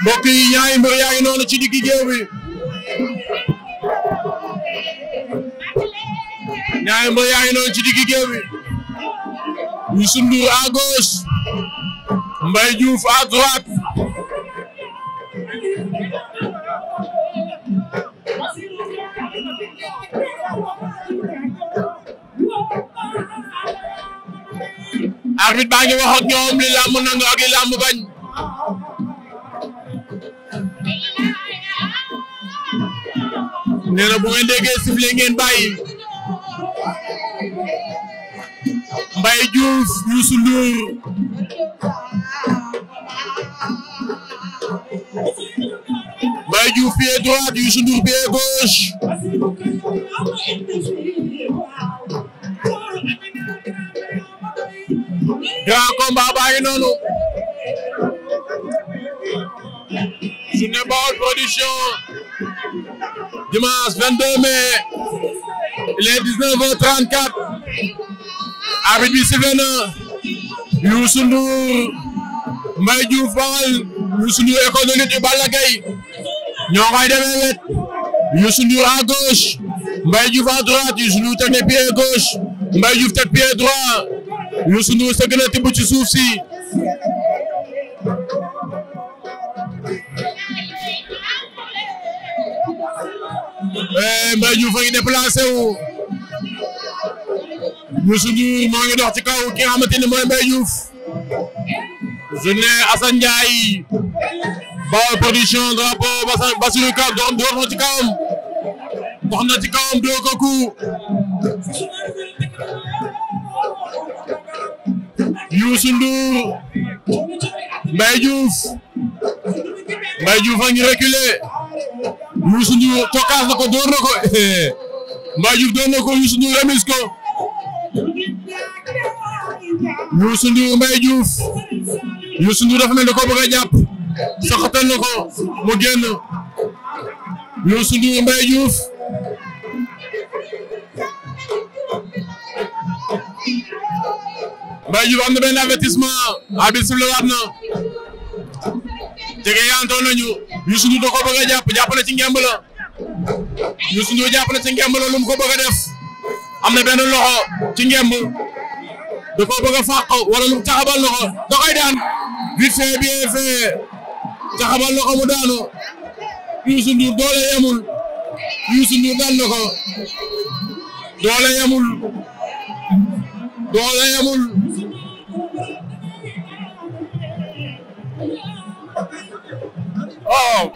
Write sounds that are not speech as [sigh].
mbokk yi ñaari mbër noonu ci diggi géew bi ñaari yaa ngi noonu ci diggi géew bi Youssou Ndour à gauche Mbaye Diouf à arbitre baa ngi wax ak ñoom li làmb nangu bañ nee na bu ngeen déggee sifflé ngeen bàyyi Mbaye Diouf Youssou Ndour Mbaye Diouf pied droit Youssou Ndour pied gauche grand combat baa ngi noonu journée Baol production dimanche 22 mai il est 19h34 arbitre bi sifflé na Youssou Ndour Mbaye Diouf Baol Youssou yu Balla Gaye gauche Mbaye Diouf à droite Youssou Ndour teg pied gauche Mbaye Diouf teg pied droit Youssou Ndour sëgg na tibb ci suuf si eh, Mbaye Diouf a ngi déplacé wu Youssou Ndour dox ci kaw ki nga xamante ni mooy Mbaye Diouf journée Assane Ndiaye Baol production Ka dox na ci dox na ci kawam Youssou Ndour Mbaye Diouf Mbaye Diouf a ngi reculé Youssou na ko door na ko [laughs] Mbaye Diouf door na ko Youssou Ndour remis ko Youssou Ndour Mbaye Diouf dafa mel ne ko bëgg a jàpp na ko mu génn Youssou Ndour Mbaye Diouf am na benn avertissement arbitre sifflé na jege yaantoo nañu Youssou Ndour da ko bëgg a jàpp jàpp na ci ngemb la Youssou Ndour jàpp la am na benn loxo ci ngemb da ko bëgg a fàq wala lu loxo da koy daan vite fait bien loxo mu daanu Youssou Ndour doole yemul Youssou Ndour daan na ko doole yemul doole